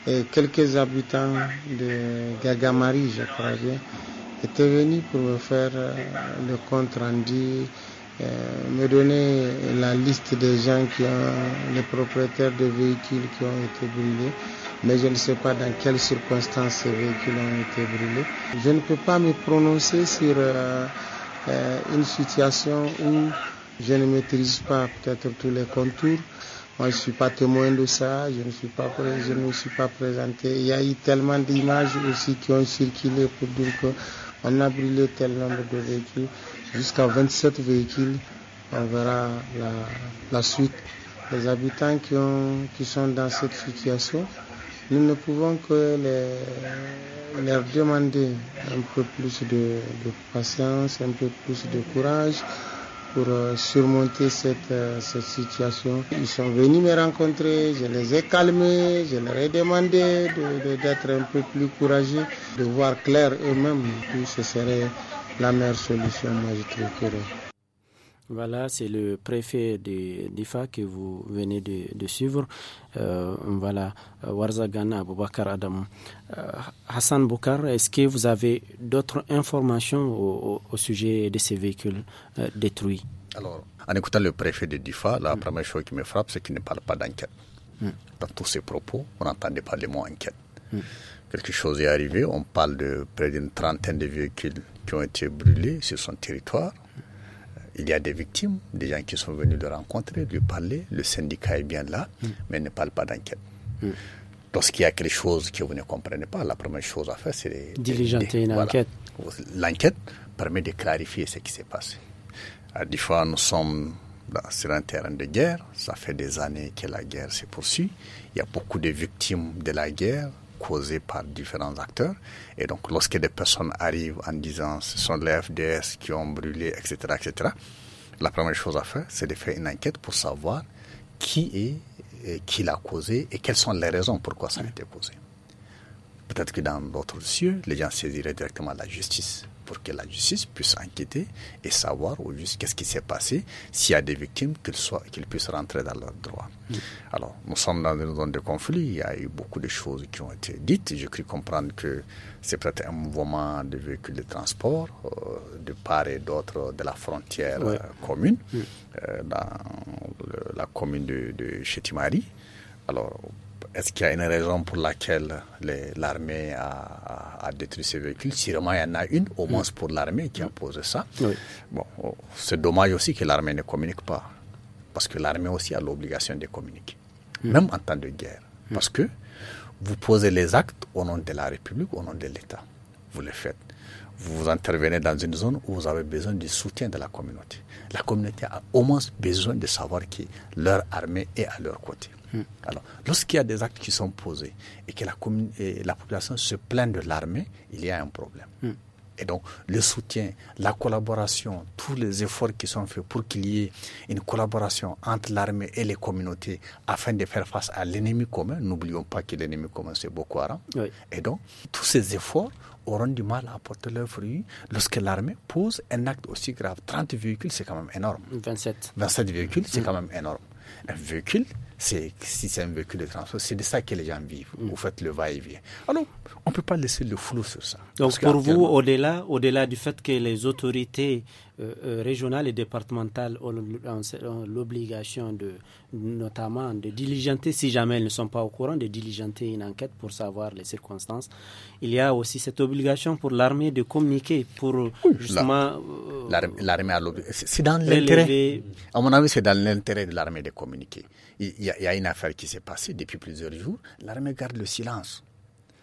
et quelques habitants de Gagamari, je crois bien, étaient venus pour me faire euh, le compte rendu, euh, me donner la liste des gens qui ont, les propriétaires de véhicules qui ont été brûlés mais je ne sais pas dans quelles circonstances ces véhicules ont été brûlés. Je ne peux pas me prononcer sur euh, une situation où je ne maîtrise pas peut-être tous les contours. Moi, je ne suis pas témoin de ça, je ne, me suis pas présenté. Il y a eu tellement d'images aussi qui ont circulé pour dire qu'on a brûlé tel nombre de véhicules, jusqu'à 27 véhicules. On verra la, suite. Les habitants qui, sont dans cette situation, nous ne pouvons que leur demander un peu plus de patience, un peu plus de courage pour euh, surmonter euh, cette, situation. Ils sont venus me rencontrer, je les ai calmés, je leur ai demandé d'être de, un peu plus courageux, de voir clair eux-mêmes. Ce serait la meilleure solution, moi, je trouve, voilà, c'est le préfet de d'IFA que vous venez de, suivre. Euh, voilà, Warzagana Aboubakar Adam. Euh, Hassan Boukar, est-ce que vous avez d'autres informations au, sujet de ces véhicules euh, détruits Alors, en écoutant le préfet de DIFA, la hmm. première chose qui me frappe, c'est qu'il ne parle pas d'enquête. Hmm. Dans tous ses propos, on n'entendait pas le mot enquête. Hmm. Quelque chose est arrivé, on parle de près d'une trentaine de véhicules qui ont été brûlés sur son territoire. Il y a des victimes, des gens qui sont venus le rencontrer, lui parler. Le syndicat est bien là, hmm. mais ne parle pas d'enquête. Hmm. Lorsqu'il y a quelque chose que vous ne comprenez pas, la première chose à faire, c'est diligenter une enquête. L'enquête permet de clarifier ce qui s'est passé. À des fois, nous sommes sur un terrain de guerre. Ça fait des années que la guerre s'est poursuit. Il y a beaucoup de victimes de la guerre causé par différents acteurs. Et donc, lorsque des personnes arrivent en disant ce sont les FDS qui ont brûlé, etc., etc., la première chose à faire, c'est de faire une enquête pour savoir qui est, qui l'a causé et quelles sont les raisons pourquoi ça a été causé. Peut-être que dans d'autres cieux, les gens saisiraient directement la justice pour que la justice puisse enquêter et savoir juste qu'est-ce qui s'est passé, s'il y a des victimes, qu'ils puissent rentrer dans leurs droits. Alors, nous sommes dans une zone de conflit, il y a eu beaucoup de choses qui ont été dites, je cru comprendre que c'est peut-être un mouvement de véhicules de transport euh, de part et d'autre de la frontière euh, commune, euh, dans la commune de, de Chetimari. Alors, est-ce qu'il y a une raison pour laquelle l'armée a, détruit ses véhicules Sûrement, il y en a une, au moins mm. pour l'armée, qui a mm. posé ça. Bon, oh, c'est dommage aussi que l'armée ne communique pas, parce que l'armée aussi a l'obligation de communiquer, mm. même en temps de guerre, parce que vous posez les actes au nom de la République, au nom de l'État. Vous les faites. Vous intervenez dans une zone où vous avez besoin du soutien de la communauté. La communauté a au moins besoin de savoir que leur armée est à leur côté. Mm. Alors, lorsqu'il y a des actes qui sont posés et que la, la population se plaint de l'armée, il y a un problème. Mm. Et donc, le soutien, la collaboration, tous les efforts qui sont faits pour qu'il y ait une collaboration entre l'armée et les communautés afin de faire face à l'ennemi commun. N'oublions pas que l'ennemi commun, c'est Boko Haram. Et donc, tous ces efforts auront du mal à porter leurs fruits lorsque l'armée pose un acte aussi grave. 30 véhicules, c'est quand même énorme. 27. 27 véhicules, c'est mm. quand même énorme. Un véhicule, c'est si c'est un véhicule de transport, c'est de ça que les gens vivent. Vous mm. faites le va-et-vient. Alors, ah on ne peut pas laisser le flou sur ça. Donc, pour vous, au-delà, au-delà du fait que les autorités euh, euh, régionales et départementales ont, l'obligation de, notamment, de diligenter, si jamais elles ne sont pas au courant, de diligenter une enquête pour savoir les circonstances, il y a aussi cette obligation pour l'armée de communiquer pour justement. Euh, l'armée, euh, C'est dans l'intérêt. À mon avis, c'est dans l'intérêt de l'armée de communiquer. il y a il y, a une affaire qui s'est passée depuis plusieurs jours. L'armée garde le silence.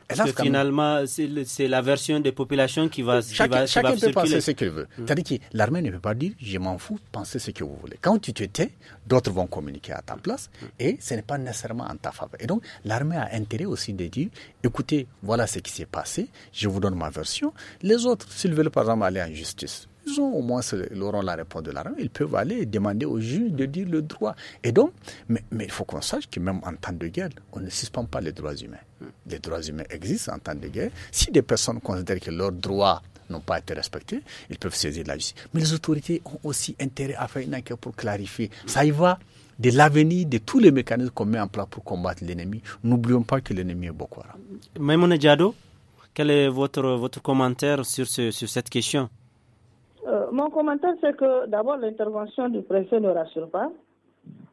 Parce finalement, c'est la version des populations qui va. Chacun, qui va, qui peut penser ce qu'il veut. Hmm. C'est-à-dire que l'armée ne peut pas dire je m'en fous, pensez ce que vous voulez. Quand tu te tais, d'autres vont communiquer à ta hmm. place hmm. et ce n'est pas nécessairement en ta faveur. Et donc, l'armée a intérêt aussi de dire écoutez, voilà ce qui s'est passé, je vous donne ma version. Les autres, s'ils veulent par exemple aller en justice, ils ont au moins, Laurent l'a l'armée. ils peuvent aller demander au juge de dire le droit. Et donc, mais, il faut qu'on sache que même en temps de guerre, on ne suspend pas les droits humains. Les droits humains existent en temps de guerre. Si des personnes considèrent que leurs droits n'ont pas été respectés, ils peuvent saisir la justice. Mais les autorités ont aussi intérêt à faire une enquête pour clarifier. Ça y va de l'avenir de tous les mécanismes qu'on met en place pour combattre l'ennemi. N'oublions pas que l'ennemi est beaucoup. Haram. Maïmouna quel est votre, votre commentaire sur, sur cette question euh, mon commentaire, c'est que d'abord, l'intervention du préfet ne rassure pas,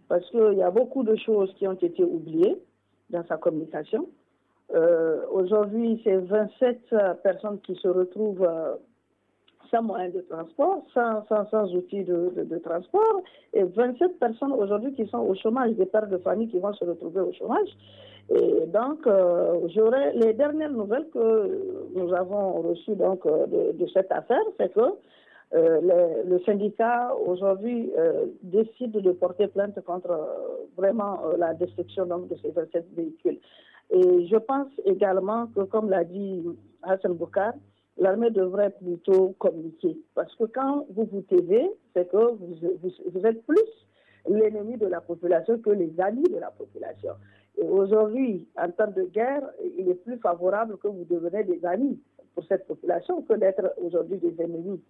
parce qu'il y a beaucoup de choses qui ont été oubliées dans sa communication. Euh, aujourd'hui, c'est 27 personnes qui se retrouvent euh, sans moyens de transport, sans, sans, outils de, de, transport, et 27 personnes aujourd'hui qui sont au chômage, des pères de famille qui vont se retrouver au chômage. Et donc, les dernières nouvelles que nous avons reçues donc, de cette affaire, c'est que euh, le, syndicat aujourd'hui euh, décide de porter plainte contre euh, vraiment la destruction de ces 27 véhicules. Et je pense également que, comme l'a dit Hassan Boukar, l'armée devrait plutôt communiquer. Parce que quand vous vous taisez, c'est que vous, êtes plus l'ennemi de la population que les amis de la population. aujourd'hui, en temps de guerre, il est plus favorable que vous devenez des amis pour cette population que d'être aujourd'hui des ennemis.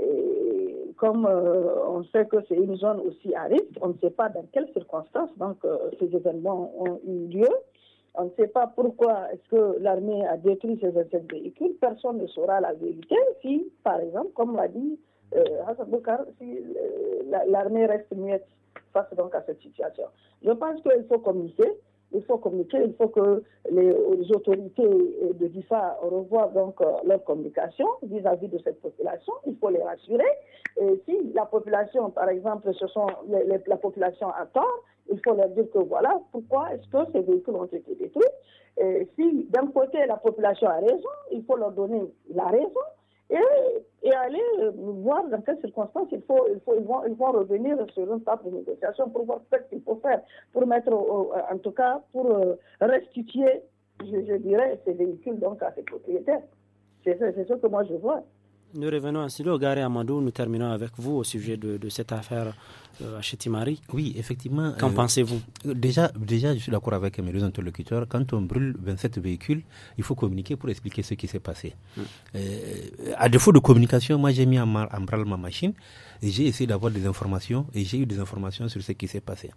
Et comme euh, on sait que c'est une zone aussi à risque, on ne sait pas dans quelles circonstances donc, euh, ces événements ont eu lieu. On ne sait pas pourquoi est-ce que l'armée a détruit ces 27 véhicules. Personne ne saura la vérité si, par exemple, comme l'a dit euh, Hassan Boukar, si l'armée reste muette face donc à cette situation. Je pense qu'il faut communiquer, il faut communiquer, il faut que les, autorités de DIFA revoient donc euh, leur communication vis-à-vis de cette population. Il faut les rassurer. si la population, par exemple, ce la population à tort, il faut leur dire que voilà pourquoi est-ce que ces véhicules ont été détruits. si d'un côté la population a raison, il faut leur donner la raison et, et aller voir dans quelles circonstances il faut, il faut, ils, vont, revenir sur une table de négociation pour voir ce qu'il faut faire, pour mettre, en tout cas, pour euh, restituer, je, dirais, ces véhicules donc à ses propriétaires. C'est ce que moi je vois. Nous revenons à au Gare Amadou. Nous terminons avec vous au sujet de, cette affaire euh, à Chetimari. Oui, effectivement. Qu'en euh, pensez-vous déjà, déjà, je suis d'accord avec mes deux interlocuteurs. Quand on brûle 27 véhicules, il faut communiquer pour expliquer ce qui s'est passé. Hmm. Euh, à défaut de communication, moi, j'ai mis en, en branle ma machine et j'ai essayé d'avoir des informations et j'ai eu des informations sur ce qui s'est passé.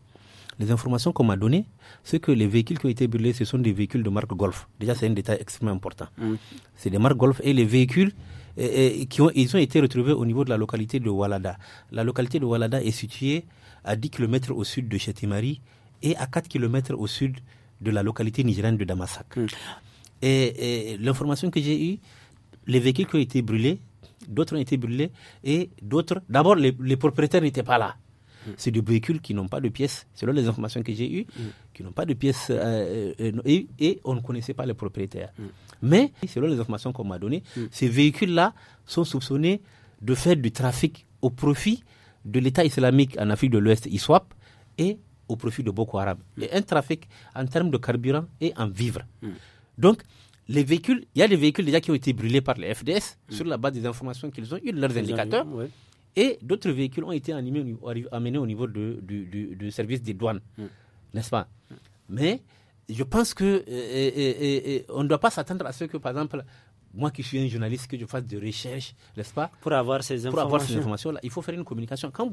Les informations qu'on m'a données, c'est que les véhicules qui ont été brûlés, ce sont des véhicules de marque Golf. Déjà, c'est un détail extrêmement important. Hmm. C'est des marques Golf et les véhicules qui ont, ils ont été retrouvés au niveau de la localité de Walada. La localité de Walada est située à 10 km au sud de Chetimari et à 4 km au sud de la localité nigérienne de Damasak. Hmm. Et, l'information que j'ai eue, les véhicules qui ont été brûlés, d'autres ont été brûlés et d'autres. D'abord, les, propriétaires n'étaient pas là. Hmm. C'est des véhicules qui n'ont pas de pièces, selon les informations que j'ai eues, hmm. qui n'ont pas de pièces euh, euh, et, on ne connaissait pas les propriétaires. Mais, selon les informations qu'on m'a données, mm. ces véhicules-là sont soupçonnés de faire du trafic au profit de l'État islamique en Afrique de l'Ouest, ISWAP, et au profit de Boko Haram. Mm. Et un trafic en termes de carburant et en vivres. Mm. Donc, les véhicules, il y a des véhicules déjà qui ont été brûlés par les FDS sur la base des informations qu'ils ont eues, de leurs indicateurs. Et d'autres véhicules ont été amenés au niveau de, du, du, service des douanes. N'est-ce pas Mais je pense que et, euh, euh, euh, on ne doit pas s'attendre à ce que, par exemple, moi qui suis un journaliste, que je fasse des recherches, n'est-ce pas Pour avoir ces informations. là il faut faire une communication. Quand,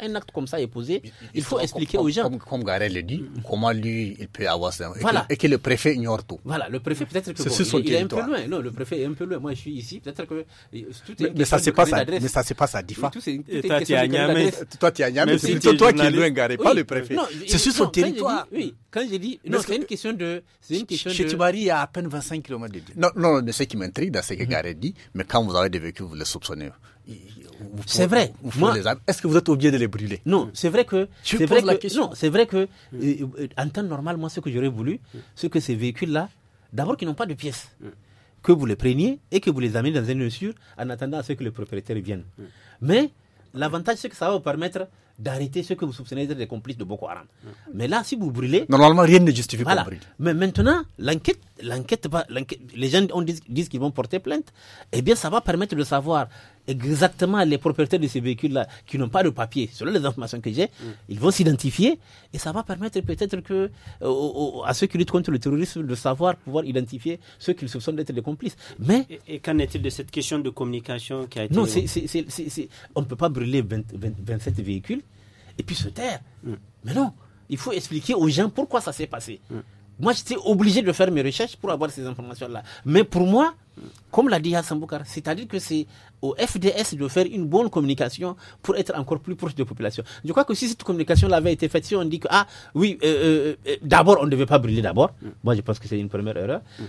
un acte comme ça est posé, il, faut, expliquer aux gens. Comme, comme Garel le dit, comment lui, il peut avoir ça. Et, que, le préfet ignore tout. Voilà, le préfet, peut-être que. Bon, il, est un peu loin. Non, le préfet est un peu loin. Moi, je suis ici, peut-être que. mais, ça c'est pas à, mais ça se passe à Difa. toi, tu es à Niamey. Toi, tu C'est toi qui es loin, Garel, pas le préfet. C'est sur son territoire. Oui, quand je dis Non, c'est une question de. C'est une question de. Chez Tibari, il y a à peine 25 km de Non, non, de ce qui dans ce mhm. dit, mais quand vous avez des véhicules, vous les soupçonnez. C'est vrai. Est-ce que vous êtes obligé de les brûler Non, c'est vrai que. C'est vrai, la que non, vrai que, mhm. euh, en temps normal, moi, ce que j'aurais voulu, mhm. c'est que ces véhicules-là, d'abord, qu'ils n'ont pas de pièces. Que vous les preniez et que vous les amenez dans un lieu en attendant à ce que les propriétaires viennent. Mais l'avantage, c'est que ça va vous permettre d'arrêter ceux que vous soupçonnez d'être des complices de Boko Haram. Mais là, si vous brûlez. Normalement, rien ne justifie voilà. qu'on Mais maintenant, l'enquête, l'enquête, les gens disent qu'ils vont porter plainte. Eh bien, ça va permettre de savoir exactement les propriétaires de ces véhicules-là qui n'ont pas de papier, selon les informations que j'ai, mm. ils vont s'identifier et ça va permettre peut-être que euh, à ceux qui luttent contre le terrorisme de savoir pouvoir identifier ceux qu'ils soupçonnent d'être les complices. Mais et, qu'en est-il de cette question de communication qui a été Non, on ne peut pas brûler 27 véhicules et puis se taire. Mm. Mais non, il faut expliquer aux gens pourquoi ça s'est passé. Mm. Moi, j'étais obligé de faire mes recherches pour avoir ces informations-là. Mais pour moi, comme l'a dit Hassan Boukar, c'est-à-dire que c'est au FDS de faire une bonne communication pour être encore plus proche de la population. Je crois que si cette communication avait été faite, si on dit que, ah oui, euh, euh, euh, d'abord, on ne devait pas brûler d'abord, mm. moi je pense que c'est une première erreur, mm.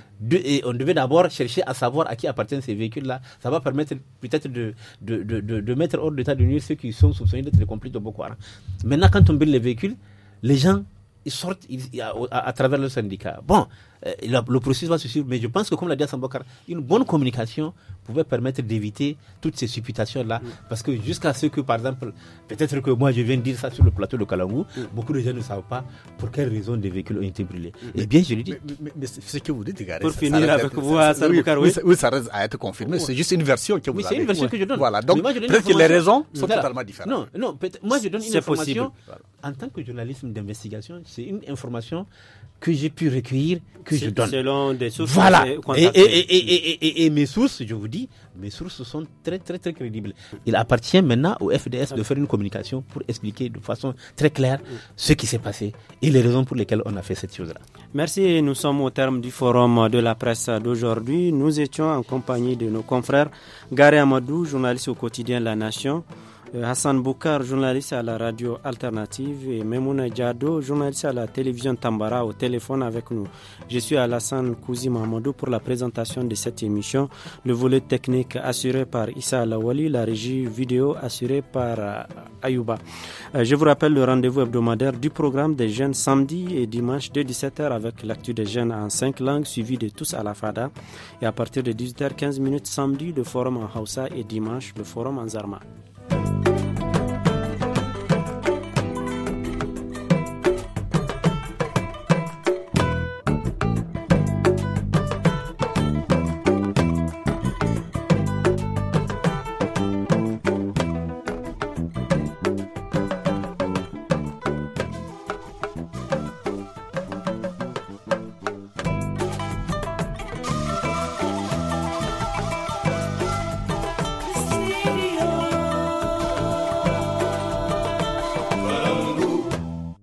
et on devait d'abord chercher à savoir à qui appartiennent ces véhicules-là. Ça va permettre peut-être de de, de, de, mettre hors d'état de nuire ceux qui sont soupçonnés d'être les complices de Boko Haram. Maintenant, quand on brûle les véhicules, les gens ils sortent à, travers le syndicat. Bon, euh, le processus va se suivre. Mais je pense que, comme l'a dit Sambokar, une bonne communication pouvait permettre d'éviter toutes ces supputations-là. Mm. Parce que jusqu'à ce que, par exemple, peut-être que moi je viens de dire ça sur le plateau de Kalangou, mm. beaucoup de gens ne savent pas pour quelles raisons des véhicules ont été brûlés. Mm. et eh bien, je lui dis. Mais, ce que vous dites, regardez. Pour finir avec vous, Sambokar, oui, oui. ça reste à être confirmé. C'est juste une version que vous oui, avez. c'est une version que je donne. Voilà, donc peut-être que les raisons sont totalement différentes. Non, non, moi je donne une information. En tant que journaliste d'investigation, c'est une information que j'ai pu recueillir, que je donne. Selon des sources. Voilà. Et, et, mes sources, je vous dis, mes sources sont très, très, très crédibles. Il appartient maintenant au FDS de faire une communication pour expliquer de façon très claire ce qui s'est passé et les raisons pour lesquelles on a fait cette chose-là. Merci. Nous sommes au terme du forum de la presse d'aujourd'hui. Nous étions en compagnie de nos confrères Gary Amadou, journaliste au quotidien La Nation. Euh, Hassan Boukar, journaliste à la radio alternative, et Memouna Diado, journaliste à la télévision Tambara, au téléphone avec nous. Je suis Alassane Kouzi Mamadou pour la présentation de cette émission. Le volet technique assuré par Issa Alawali, la régie vidéo assurée par euh, Ayouba. Euh, je vous rappelle le rendez-vous hebdomadaire du programme des jeunes samedi et dimanche de 17h avec l'actu des jeunes en cinq langues suivi de tous à la FADA. Et à partir de 18h15 samedi, le forum en Hausa et dimanche, le forum en Zarma. you